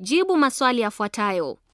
Jibu maswali yafuatayo.